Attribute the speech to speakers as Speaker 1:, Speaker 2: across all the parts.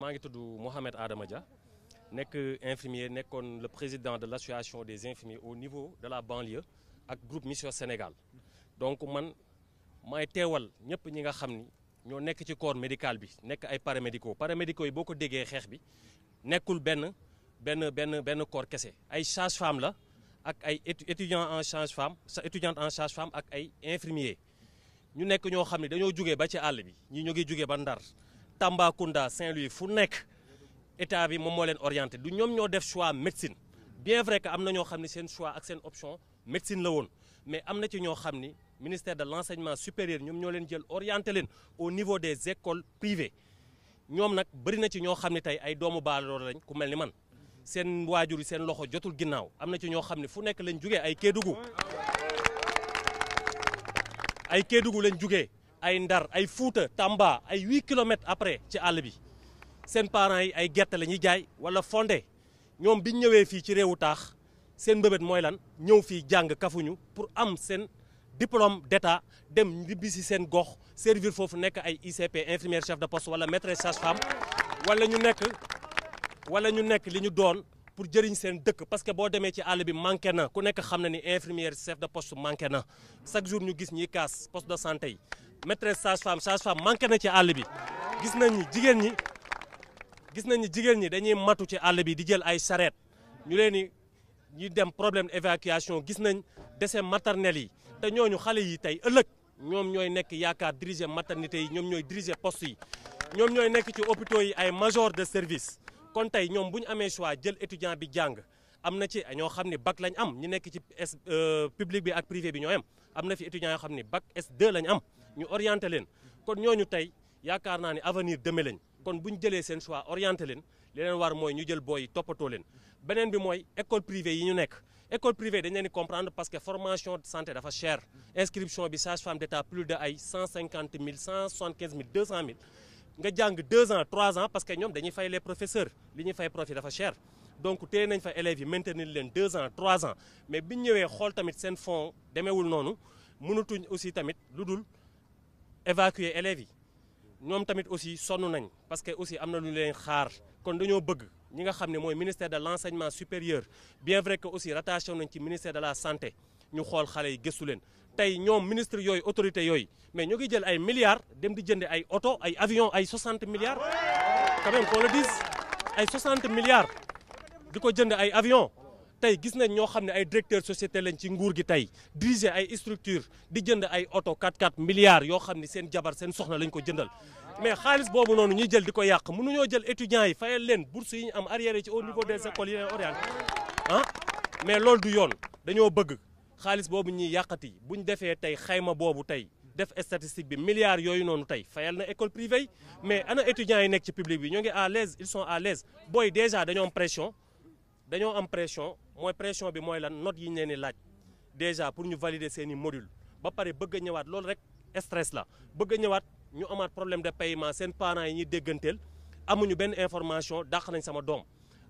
Speaker 1: maa ngi tudd Mohamed Adama Dia nekk infirmier nekkoon le président de l' association des infirmiers au niveau de la banlieue ak groupe Mission Sénégal donc man may teewal ñëpp ñi nga xam ni ñoo nekk ci corps médical bi nekk ay paramédicaux paramédicaux yi boo ko déggee xeex bi nekkul benn benn benn benn corps kese ay sage-femme la ak ay étudiant en change femme sa en sage-femme ak ay infirmier ñu nekk ñoo xam ne dañoo jugee ba ci àll bi ñi ñu ngi jugee ba Ndar Tambacounda Saint-Louis fu nekk état bi moom moo leen orienté du ñoom ñoo def choix médecine bien vrai que am na ñoo xam ni seen choix ak seen option médecine la woon mais am na ci ñoo xam ni ministère de l'enseignement supérieur ñoom ñoo leen jël orienté leen au niveau des écoles privées ñoom nag bëri na ci ñoo xam ne tey ay doomu baadoola lañ ku mel ni man seen waajur yi seen loxo jotul ginnaaw am na ci ñoo xam ne fu nekk lañ jugee ay Kédougou ay Kédougou lañ jugee ay Ndar ay Fuuta Tamba ay huit kilomètres après ci àll bi seen parents yi ay gerte la ñuy jaay wala fonde ñoom biñ ñëwee fii ci réewu taax seen mbébét mooy lan ñëw fii jàng kafuñu pour am seen diplôme d'état dem ñibbi si seen gox servir foofu nekk ay ICP infirmière chef de poste wala maîtresse sage-femme wala ñu nekk wala ñu nekk li ñu doon pour jëriñ seen dëkk parce que boo demee ci àll bi manqué na ku nekk xam na ni infirmière chef de poste manqué na chaque jour ñu gis ñiy kaas poste de santé yi maîtresse sage-femme sage-femme manqué na ci àll bi gis nañ ni jigéen ñi gis nañ ni jigéen ñi dañuy matu ci àll bi di jël ay charrette ñu leen ni ñuy dem problème évacuation gis nañ décès maternel yi te ñu xale yi tey ëllëg ñoom ñooy nekk yaakaar diriger maternité yi ñoom ñooy diriger post yi ñoom ñooy nekk ci hôpitaux yi ay major de service kon tey ñoom bu ñu amee choix jël étudiant bi jàng am na ci ñoo xam ne bac lañ am ñu nekk ci S euh, public bi ak privé bi ñoo yem am na fi étudiants yoo xam ni bac S2 lañ am ñu orienté leen kon ñooñu tey yaakaar naa ne avenir deme lañ kon bu ñu jëlee seen choix orienté leen li leen war mooy ñu jël booy yi toppatoo leen beneen bi mooy école privée yi ñu nekk école privée dañ leen di comprendre parce que formation de santé dafa cher inscription bi sage femme d'état plus de ay 150 000 175 000 200 000 nga jàng 2 ans 3 ans parce que ñoom dañuy fay les professeurs li ñuy fay prof yi dafa donc téye nañ fa élèves yi maintenir leen deux ans trois ans mais biñ ñëwee xool tamit seen fonds demeewul noonu mënatuñ aussi tamit lu dul évacuer élèves yi ñoom tamit aussi sonn nañ parce que aussi am na lu leen xaar kon dañoo bëgg ñi nga xam ne mooy ministère de l' enseignement supérieur bien vrai que aussi rattaché nañ ci ministère de la santé ñu xool xale yi gëstu leen tey ñoom ministre yooyu autorité yooyu mais ñoo ngi jël ay milliards dem di jënd ay oto ay avion ay 60 milliards ah quand même qu'on ay 60 milliards di ko jënd ay avion tey gis nañ ñoo xam ne ay directeur société lañ ci nguur gi tey diriger ay structure di jënd ay oto 4x4 yoo xam ni seen jabar seen soxna lañ ko jëndal mais xaalis boobu noonu ñuy jël di ko yàq mënuñoo jël étudiants yi fayal leen bourse yi ñu am arrière ci au niveau des écoles yi leen orienté ah, mais loolu du yoon dañoo bëgg xaalis boobu ñuy yàqati buñ defee tey xayma boobu tey def statistique bi milliards yooyu noonu tey fayal na école privée mais ana étudiants yi nekk ci public bi ñoo ngi à l'aise ils à l'aise booy déjà dañoo am dañoo am pression mooy pression bi mooy lan notes yi ñu leen di laaj déjà pour ñu valider seen i module ba pare bëgg ñëwaat loolu rek stress la bëgg ñëwaat ñu amaat problème de paiement seen parent yi ñuy dégganteel amuñu benn information dàq nañ sama doom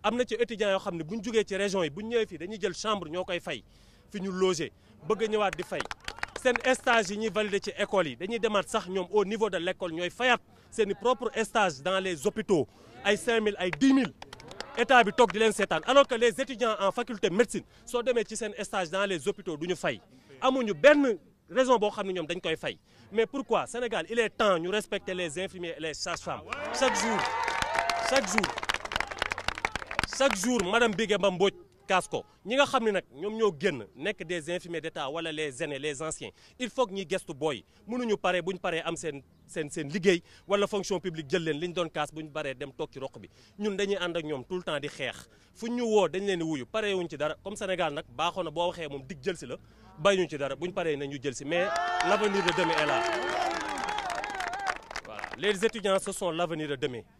Speaker 1: am na ci étudiants yoo xam ne bu ñu jugee ci région yi bu ñu ñëwee fii dañuy jël chambre ñoo koy fay fi ñu loger bëgg ñëwaat di fay seen stage yi ñuy valider ci école yi dañuy demaat sax ñoom au niveau de l' école ñooy fayaat seen i dans les hôpitaux ay 5000 ay 10 000 état bi toog di leen seetaan alors que les étudiants en faculté médecine soo demee ci seen stage dans les hôpitaux du ñu fay amuñu benn raison boo xam ne ñoom dañ koy fay mais pourquoi Sénégal il est temps ñu respecter les infirmiers et les sages-femmes chaque jour chaque jour chaque jour madame Bigué Mba Mbodj kaas ko ñi nga xam ne nag ñoom ñoo génn nekk des infirmiers d'état wala les aînés les anciens il faut que ñuy gestu booy mënuñu pare buñ paree am seen seen seen liggéey wala fonction publique jël leen li ñu doon kaas buñ paree dem toog ci roq bi ñun dañuy ànd ak ñoom tout le temps di xeex fuñ ñu woo dañ leen di wuyu paree wuñ ci dara comme Sénégal nag baaxoo na boo waxee moom dig jël si la bay ñu ci dara buñ pare nañ ñu jël si mais l'avenir de demain est là voilà les étudiants ce l'avenir de demain